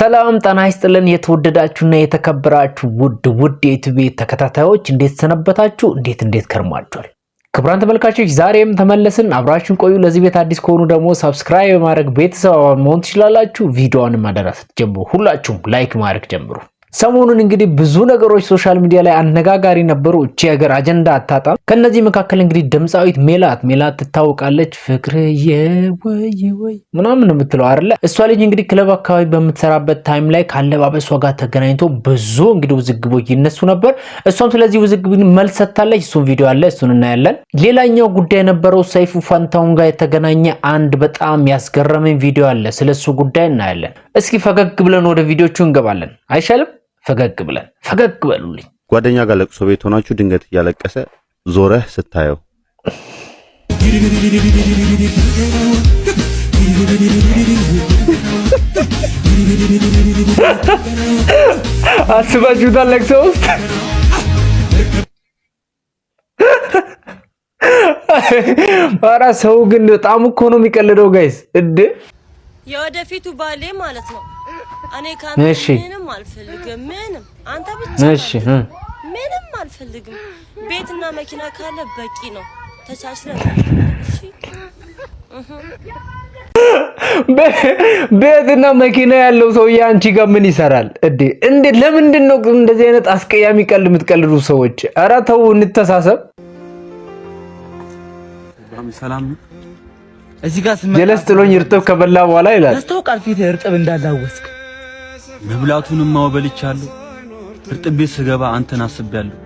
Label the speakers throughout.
Speaker 1: ሰላም ጠና ይስጥልን። የተወደዳችሁና የተከበራችሁ ውድ ውድ የዩቲዩብ ተከታታዮች እንዴት ሰነበታችሁ? እንዴት እንዴት ከርማችኋል? ክቡራን ተመልካቾች ዛሬም ተመለስን። አብራችሁን ቆዩ። ለዚህ ቤት አዲስ ከሆኑ ደግሞ ሰብስክራይብ ማድረግ ቤተሰብ መሆን ትችላላችሁ። ቪዲዮውን ማደራ ስትጀምሩ ሁላችሁም ላይክ ማድረግ ጀምሩ። ሰሞኑን እንግዲህ ብዙ ነገሮች ሶሻል ሚዲያ ላይ አነጋጋሪ ነበሩ። እቺ ሀገር አጀንዳ አታጣም። ከነዚህ መካከል እንግዲህ ድምፃዊት ሜላት ሜላት ትታወቃለች። ፍቅርዬ ወይ ወይ ምናምን የምትለው አይደለ? እሷ ልጅ እንግዲህ ክለብ አካባቢ በምትሰራበት ታይም ላይ ከአለባበሷ ጋር ተገናኝቶ ብዙ እንግዲህ ውዝግቦች ይነሱ ነበር። እሷም ስለዚህ ውዝግብ መልስ ሰጥታለች። እሱን ቪዲዮ አለ፣ እሱን እናያለን። ሌላኛው ጉዳይ የነበረው ሰይፉ ፋንታውን ጋር የተገናኘ አንድ በጣም ያስገረመኝ ቪዲዮ አለ። ስለሱ ጉዳይ እናያለን። እስኪ ፈገግ ብለን ወደ ቪዲዮቹ እንገባለን አይሻልም? ፈገግ ብለን ፈገግ በሉልኝ።
Speaker 2: ጓደኛ ጋር ለቅሶ ቤት ሆናችሁ ድንገት እያለቀሰ ዞረህ ስታየው
Speaker 1: አስባችሁታል? ለቅሶ ውስጥ ኧረ ሰው ግን በጣም እኮ ነው የሚቀልደው ጋይስ። እንደ የወደፊቱ ባሌ ማለት ነው እኔ ካንተ እሺ፣ ምንም አልፈልግም። ቤትና መኪና ካለ በቂ ነው። ቤትና መኪና ያለው ሰውዬ አንቺ ጋር ምን ይሰራል እንዴ? ለምንድን ነው እንደዚህ አይነት አስቀያሚ ቀልድ የምትቀልዱ ሰዎች? ኧረ ተው እንተሳሰብ። ጀለስ ጥሎኝ እርጥብ ከበላ በኋላ ይላል።
Speaker 3: ያስታውቃል ፊት እርጥብ እንዳላወስክ
Speaker 4: መብላቱንም ማወበልቻለሁ። ፍርጥ ስገባ አንተን አስቤያለሁ።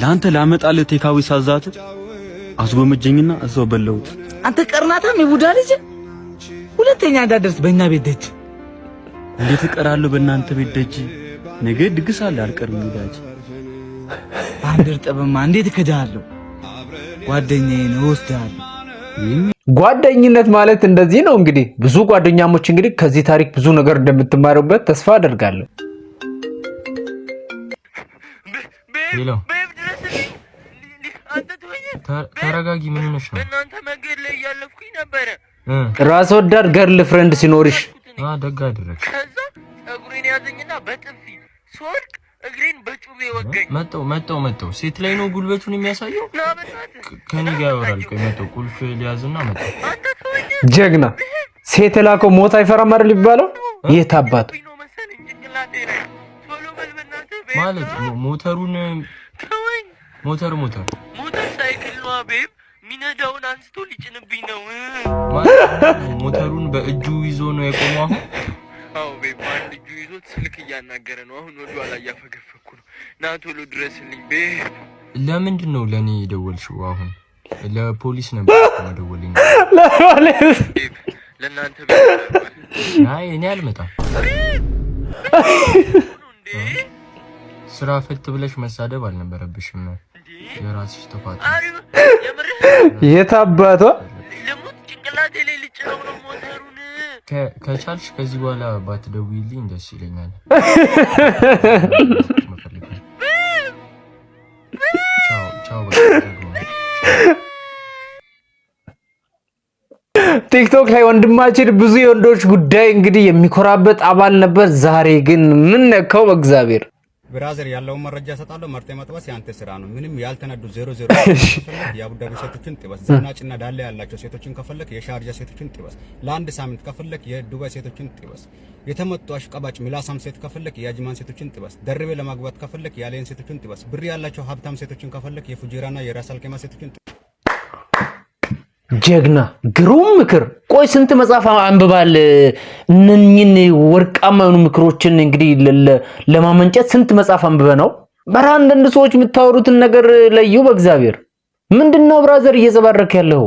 Speaker 4: ለአንተ ላመጣልህ ቴካዊ ሳዛት አስጎመጀኝና እዛው በለውት።
Speaker 3: አንተ ቀርናታም የቡዳ ልጅ ሁለተኛ እንዳደርስ በእኛ ቤት ደጅ
Speaker 4: እንዴት እቀራለሁ? በእናንተ ቤት ደጅ ነገ ድግስ አለ አልቀርም። ይዳጅ
Speaker 3: አንድ እርጥብማ እንዴት እከዳለሁ? ጓደኛዬን እወስዳለሁ።
Speaker 1: ጓደኝነት ማለት እንደዚህ ነው እንግዲህ። ብዙ ጓደኛሞች እንግዲህ ከዚህ ታሪክ ብዙ ነገር እንደምትማሩበት ተስፋ አደርጋለሁ። ተረጋጊ። ምን ሆነሽ ነው? በእናንተ መንገድ ላይ እያለፍኩኝ ነበረ። ራስ ወዳድ ገርል ፍሬንድ ሲኖርሽ ደግ አደረግሽ። ከዛ ጸጉሬን ያዘኝና
Speaker 4: በጥፊ ስወድቅ እግሬን በጩቤ ወገኝ። መጣው መጣው መጣው። ሴት ላይ ነው ጉልበቱን የሚያሳየው። ከኔ ጋር ያወራል። ቆይ መጣው። ቁልፍ ሊያዝና መጣው።
Speaker 1: ጀግና ሴት ላከው። ሞት አይፈራም አይደል ይባላል። የት አባቱ
Speaker 4: ማለት ሞተሩን ሞተር ሞተር ሞተር ሳይክል ነው ቤብ ሚነዳውን አንስቶ ሊጭንብኝ ነው። ሞተሩን በእጁ ይዞ ነው የቆመው አሁን ስልክ እያናገረ ነው። አሁን ወደ ኋላ እያፈገፈኩ ነው። ና ቶሎ ድረስልኝ። ቤ ለምንድን ነው ለእኔ የደወልሽው? አሁን ለፖሊስ ነበር መደወልኝ። ለእናንተ አይ እኔ አልመጣም። ስራ ፈት ብለሽ መሳደብ አልነበረብሽም። የራስሽ ተፋት
Speaker 1: የታባቷ
Speaker 4: ከቻልሽ ከዚህ በኋላ ባትደውይልኝ ደስ ይለኛል።
Speaker 1: ቲክቶክ ላይ ወንድማችን ብዙ የወንዶች ጉዳይ እንግዲህ የሚኮራበት አባል ነበር። ዛሬ ግን ምን ነካው በእግዚአብሔር ብራዘር ያለውን መረጃ እሰጣለሁ። መርጤ መጥበስ የአንተ ስራ ነው። ምንም ያልተነዱ ዜሮ ዜሮ የአቡዳቢ ሴቶችን ጥበስ፣ ዘናጭና ዳላ ያላቸው ሴቶችን ከፈለክ የሻርጃ ሴቶችን ጥበስ፣ ለአንድ ሳምንት ከፈለክ የዱባይ ሴቶችን ጥበስ፣ የተመጡ አሽቀባጭ ሚላሳም ሴት ከፈለክ የአጅማን ሴቶችን ጥበስ፣ ደርቤ ለማግባት ከፈለክ የአሌን ሴቶችን ጥበስ፣ ብር ያላቸው ሀብታም ሴቶችን ከፈለክ የፉጂራና የራስ አልኬማ ሴቶችን ጥበስ። ጀግና ግሩም ምክር ቆይ ስንት መጽሐፍ አንብባል? እነኝን ወርቃማ የሆኑ ምክሮችን እንግዲህ ለማመንጨት ስንት መጽሐፍ አንብበ ነው? በራ አንዳንድ ሰዎች የምታወሩትን ነገር ለዩ። በእግዚአብሔር ምንድን ነው ብራዘር እየዘባረክ ያለው?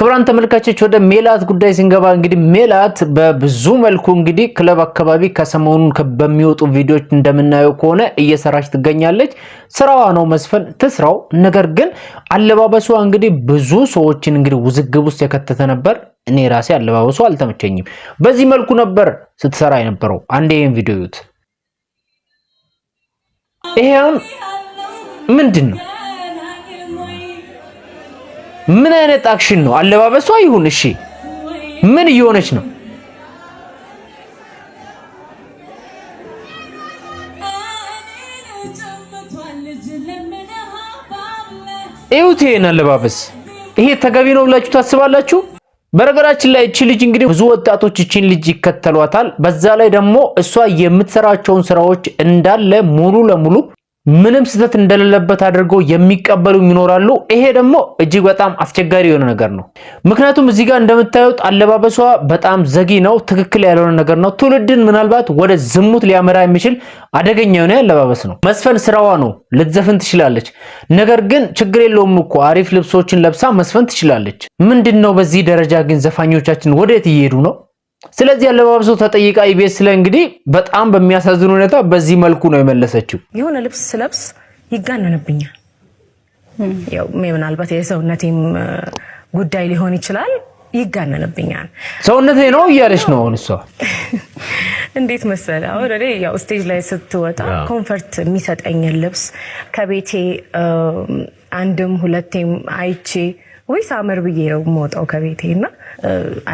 Speaker 1: ክቡራን ተመልካቾች ወደ ሜላት ጉዳይ ስንገባ እንግዲህ ሜላት በብዙ መልኩ እንግዲህ ክለብ አካባቢ ከሰሞኑን በሚወጡ ቪዲዮዎች እንደምናየው ከሆነ እየሰራች ትገኛለች። ስራዋ ነው መስፈን ትስራው። ነገር ግን አለባበሷ እንግዲህ ብዙ ሰዎችን እንግዲህ ውዝግብ ውስጥ የከተተ ነበር። እኔ ራሴ አለባበሱ አልተመቸኝም። በዚህ መልኩ ነበር ስትሰራ የነበረው። አንድ ይህን ቪዲዮ ይዩት። ይሄውን ምንድን ነው ምን አይነት አክሽን ነው? አለባበሷ ይሁን እሺ፣ ምን እየሆነች ነው? እዩት ይሄን አለባበስ። ይሄ ተገቢ ነው ብላችሁ ታስባላችሁ? በነገራችን ላይ እቺ ልጅ እንግዲህ ብዙ ወጣቶች እቺን ልጅ ይከተሏታል። በዛ ላይ ደግሞ እሷ የምትሰራቸውን ስራዎች እንዳለ ሙሉ ለሙሉ ምንም ስህተት እንደሌለበት አድርገው የሚቀበሉ ይኖራሉ። ይሄ ደግሞ እጅግ በጣም አስቸጋሪ የሆነ ነገር ነው። ምክንያቱም እዚህ ጋር እንደምታዩት አለባበሷ በጣም ዘጊ ነው፣ ትክክል ያልሆነ ነገር ነው። ትውልድን ምናልባት ወደ ዝሙት ሊያመራ የሚችል አደገኛ የሆነ አለባበስ ነው። መስፈን ስራዋ ነው፣ ልትዘፍን ትችላለች። ነገር ግን ችግር የለውም እኮ አሪፍ ልብሶችን ለብሳ መስፈን ትችላለች። ምንድን ነው በዚህ ደረጃ ግን ዘፋኞቻችን ወደየት እየሄዱ ነው? ስለዚህ አለባበሱ ተጠይቃ ኢቢኤስ ስለ እንግዲህ በጣም በሚያሳዝን ሁኔታ በዚህ መልኩ ነው የመለሰችው።
Speaker 3: የሆነ ልብስ ስለብስ ይጋነንብኛል። ምናልባት የሰውነቴም ጉዳይ ሊሆን ይችላል። ይጋነንብኛል፣
Speaker 1: ሰውነቴ ነው እያለች ነው አሁን እሷ።
Speaker 3: እንዴት መሰለ አሁን እኔ ያው ስቴጅ ላይ ስትወጣ ኮንፈርት የሚሰጠኝን ልብስ ከቤቴ አንድም ሁለቴም አይቼ ወይ ሳምር ብዬ ነው የምወጣው ከቤቴ እና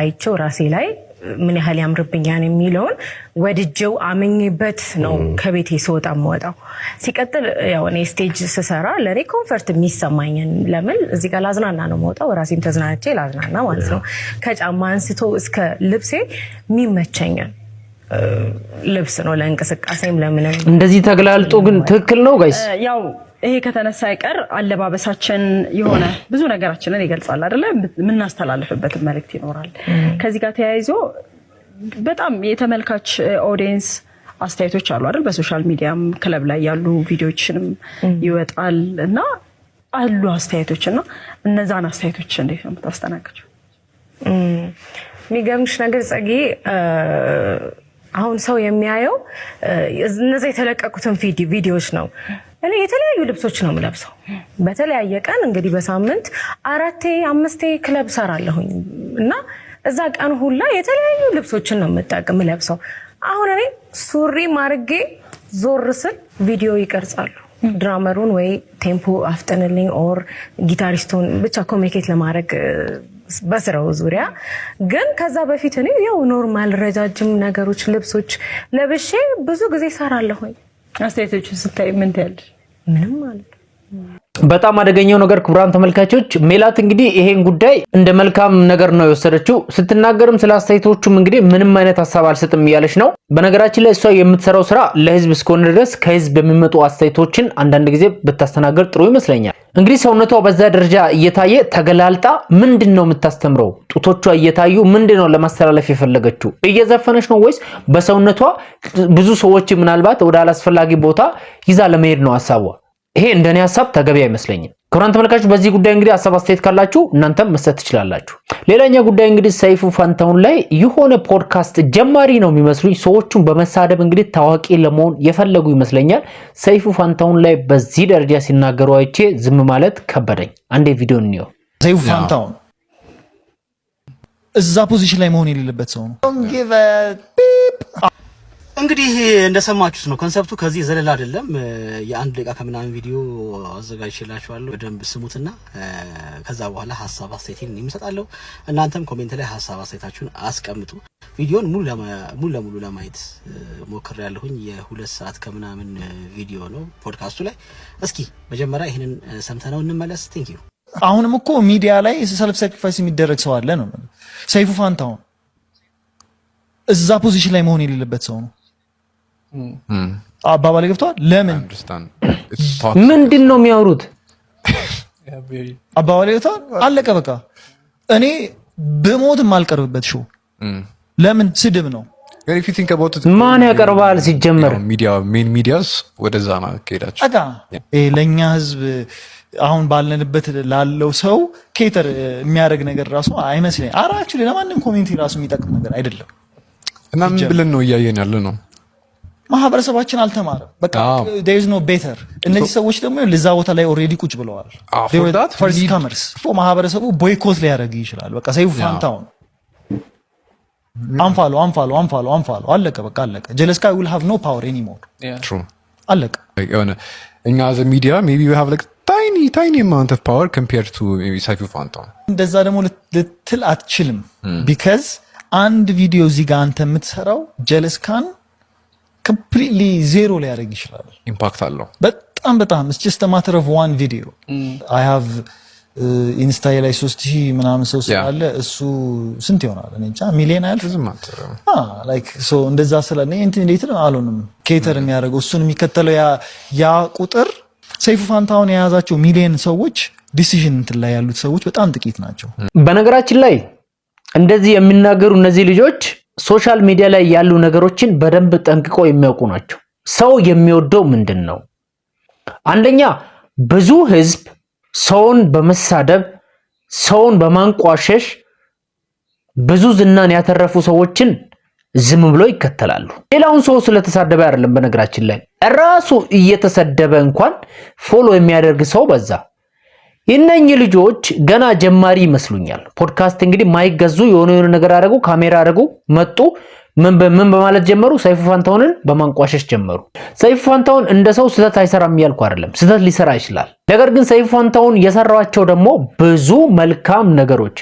Speaker 3: አይቼው ራሴ ላይ ምን ያህል ያምርብኛን የሚለውን ወድጀው አመኝበት ነው ከቤቴ ስወጣ የምወጣው። ሲቀጥል ያው እኔ ስቴጅ ስሰራ ለእኔ ኮንፈርት የሚሰማኝን ለምን እዚህ ጋር ላዝናና ነው የምወጣው፣ ራሴን ተዝናንቼ ላዝናና ማለት ነው። ከጫማ አንስቶ እስከ ልብሴ የሚመቸኝን ልብስ ነው ለእንቅስቃሴም ለምንም።
Speaker 1: እንደዚህ ተግላልጦ ግን ትክክል ነው ጋይስ
Speaker 3: ያው ይሄ ከተነሳ አይቀር አለባበሳችን የሆነ ብዙ ነገራችንን ይገልጻል አይደለ? የምናስተላልፍበትን መልእክት ይኖራል። ከዚህ ጋር ተያይዞ በጣም የተመልካች ኦዲየንስ አስተያየቶች አሉ አይደል? በሶሻል ሚዲያም ክለብ ላይ ያሉ ቪዲዮችንም ይወጣል እና አሉ አስተያየቶች እና እነዛን አስተያየቶች እንዴት ነው የምታስተናግጂው? የሚገርምሽ ነገር ጸጌ አሁን ሰው የሚያየው እነዚ የተለቀቁትን ቪዲዮዎች ነው። እኔ የተለያዩ ልብሶች ነው የምለብሰው። በተለያየ ቀን እንግዲህ በሳምንት አራቴ አምስቴ ክለብ ሰራለሁኝ እና እዛ ቀን ሁላ የተለያዩ ልብሶችን ነው የምጠቅም ለብሰው። አሁን እኔ ሱሪ ማርጌ ዞር ስል ቪዲዮ ይቀርጻሉ። ድራመሩን ወይ ቴምፖ አፍጠንልኝ ኦር ጊታሪስቱን ብቻ ኮሚኒኬት ለማድረግ በስራው ዙሪያ ግን ከዛ በፊት እኔ ያው ኖርማል ረጃጅም ነገሮች ልብሶች ለብሼ ብዙ ጊዜ ሰራለሁኝ። አስተያየቶችን ስታይ ምን ትያለሽ? ምንም ማለት
Speaker 1: በጣም አደገኛው ነገር ክቡራን ተመልካቾች ሜላት እንግዲህ ይሄን ጉዳይ እንደ መልካም ነገር ነው የወሰደችው። ስትናገርም ስለ አስተያየቶቹም እንግዲህ ምንም አይነት ሀሳብ አልሰጥም እያለች ነው። በነገራችን ላይ እሷ የምትሰራው ስራ ለህዝብ እስከሆነ ድረስ ከህዝብ የሚመጡ አስተያየቶችን አንዳንድ ጊዜ ብታስተናገር ጥሩ ይመስለኛል። እንግዲህ ሰውነቷ በዛ ደረጃ እየታየ ተገላልጣ ምንድን ነው የምታስተምረው? ጡቶቿ እየታዩ ምንድን ነው ለማስተላለፍ የፈለገችው? እየዘፈነች ነው ወይስ በሰውነቷ ብዙ ሰዎች ምናልባት ወደ አላስፈላጊ ቦታ ይዛ ለመሄድ ነው ሀሳቧ? ይሄ እንደኔ ሀሳብ ተገቢ አይመስለኝም። ክቡራን ተመልካቾች በዚህ ጉዳይ እንግዲህ ሀሳብ አስተያየት ካላችሁ እናንተም መስጠት ትችላላችሁ። ሌላኛ ጉዳይ እንግዲህ ሰይፉ ፋንታውን ላይ የሆነ ፖድካስት ጀማሪ ነው የሚመስሉኝ ሰዎቹን በመሳደብ እንግዲህ ታዋቂ ለመሆን የፈለጉ ይመስለኛል። ሰይፉ ፋንታውን ላይ በዚህ ደረጃ ሲናገሩ አይቼ ዝም ማለት ከበደኝ። አንዴ ቪዲዮ እንየው። ሰይፉ ፋንታውን እዛ ፖዚሽን ላይ መሆን የሌለበት ሰው ነው። እንግዲህ እንደሰማችሁት ነው። ኮንሰፕቱ ከዚህ ዘለል አይደለም። የአንድ ደቂቃ ከምናምን ቪዲዮ አዘጋጅቼላችኋለሁ። በደንብ ስሙትና ከዛ በኋላ ሀሳብ አስተያየቴን የሚሰጣለሁ። እናንተም ኮሜንት ላይ ሀሳብ አስተያየታችሁን አስቀምጡ። ቪዲዮን ሙሉ ለሙሉ ለማየት ያለሁኝ የሁለት ሰዓት ከምናምን ቪዲዮ ነው ፖድካስቱ ላይ። እስኪ መጀመሪያ ይህንን ሰምተነው እንመለስ። ቴንክ ዩ። አሁንም እኮ ሚዲያ ላይ ሰልፍ ሳክሪፋይስ የሚደረግ ሰው አለ ነው። ሰይፉ ፋንታሁን እዛ ፖዚሽን ላይ መሆን የሌለበት ሰው ነው። አባባል ገብቷል። ለምን ምንድን ነው የሚያወሩት? አባባል ገብቷል። አለቀ በቃ። እኔ በሞት የማልቀርብበት ሾው ለምን ስድብ ነው? ማን ያቀርባል? ሲጀመር ሜን ሚዲያስ ወደዛ ነው ከሄዳቸው ለእኛ ህዝብ አሁን ባለንበት ላለው ሰው ኬተር የሚያደርግ ነገር ራሱ አይመስለኝ። አራችሁ ለማንም ኮሚኒቲ ራሱ የሚጠቅም ነገር አይደለም። እና ምን ብለን ነው እያየን ያለ ነው ማህበረሰባችን አልተማረም። በቃ ዴር ኖ ቤተር። እነዚህ ሰዎች ደግሞ ለዛ ቦታ ላይ ኦልሬዲ ቁጭ ብለዋል። ፈርስት ካመርስ ማህበረሰቡ ቦይኮት ሊያደርግ ይችላል። በቃ ሰይፉ ፋንታውን አንፋሎ አንፋሎ አንፋሎ አንፋሎ አለቀ። በቃ አለቀ። ጀለስካ ዊል ሃቭ ኖ ፓወር ኤኒሞር አለቀ። የሆነ እኛ ዘ ሚዲያ ሜቢ ዊ ሃቭ ላይክ ታይኒ ታይኒ አማውንት ኦፍ ፓወር ኮምፔርድ ቱ ሰይፉ ፋንታውን። እንደዛ ደግሞ ልትል አትችልም። ቢካዝ hmm. አንድ ቪዲዮ እዚህ ጋር አንተ የምትሰራው ጀለስ ኮምፕሊትሊ ዜሮ ሊያደርግ ይችላል። ኢምፓክት አለው በጣም በጣም ኢትስ ጀስት ማተር ኦፍ ዋን ቪዲዮ አይ ሃቭ ኢንስታዬ ላይ ሶስት ሺህ ምናምን ሰው ስላለ እሱ ስንት ይሆናል? እኔ እንጃ ሚሊዮን አያልፍም። ላይክ ሶ እንደዛ ስላለ ኢንቲሚዴትድ አልሆንም። ኬተር የሚያደርገው እሱን የሚከተለው ያ ቁጥር ሰይፉ ፋንታውን የያዛቸው ሚሊዮን ሰዎች ዲሲዥን እንትን ላይ ያሉት ሰዎች በጣም ጥቂት ናቸው። በነገራችን ላይ እንደዚህ የሚናገሩ እነዚህ ልጆች ሶሻል ሚዲያ ላይ ያሉ ነገሮችን በደንብ ጠንቅቆ የሚያውቁ ናቸው። ሰው የሚወደው ምንድን ነው? አንደኛ ብዙ ህዝብ ሰውን በመሳደብ ሰውን በማንቋሸሽ ብዙ ዝናን ያተረፉ ሰዎችን ዝም ብሎ ይከተላሉ። ሌላውን ሰው ስለተሳደበ አይደለም፣ በነገራችን ላይ ራሱ እየተሰደበ እንኳን ፎሎ የሚያደርግ ሰው በዛ። የእነኚህ ልጆች ገና ጀማሪ ይመስሉኛል። ፖድካስት እንግዲህ ማይገዙ የሆነ የሆነ ነገር አደረጉ፣ ካሜራ አደረጉ፣ መጡ። ምን በማለት ጀመሩ? ሰይፉ ፋንታውንን በማንቋሸሽ ጀመሩ። ሰይፉ ፋንታውን እንደ ሰው ስህተት አይሰራም እያልኩ አይደለም፣ ስህተት ሊሰራ ይችላል። ነገር ግን ሰይፉ ፋንታውን የሰራቸው ደግሞ ብዙ መልካም ነገሮች፣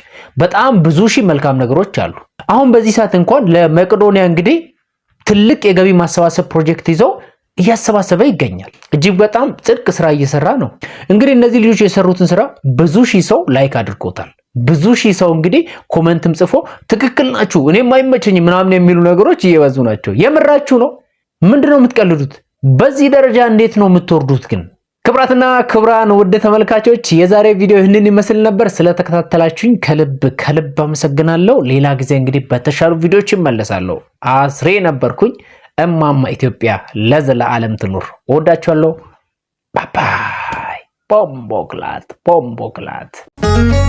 Speaker 1: በጣም ብዙ ሺህ መልካም ነገሮች አሉ። አሁን በዚህ ሰዓት እንኳን ለመቄዶንያ እንግዲህ ትልቅ የገቢ ማሰባሰብ ፕሮጀክት ይዘው እያሰባሰበ ይገኛል። እጅግ በጣም ጽድቅ ስራ እየሰራ ነው። እንግዲህ እነዚህ ልጆች የሰሩትን ስራ ብዙ ሺህ ሰው ላይክ አድርጎታል። ብዙ ሺህ ሰው እንግዲህ ኮመንትም ጽፎ ትክክል ናችሁ፣ እኔም አይመቸኝ ምናምን የሚሉ ነገሮች እየበዙ ናቸው። የምራችሁ ነው? ምንድን ነው የምትቀልዱት? በዚህ ደረጃ እንዴት ነው የምትወርዱት ግን? ክብራትና ክብራን ውድ ተመልካቾች የዛሬ ቪዲዮ ይህንን ይመስል ነበር። ስለተከታተላችሁኝ ከልብ ከልብ አመሰግናለሁ። ሌላ ጊዜ እንግዲህ በተሻሉ ቪዲዮዎች ይመለሳለሁ። አስሬ ነበርኩኝ። እማማ ኢትዮጵያ ለዘለዓለም ትኑር። እወዳችኋለሁ። ባባይ ቦምቦክላት ቦምቦክላት ቦምቦ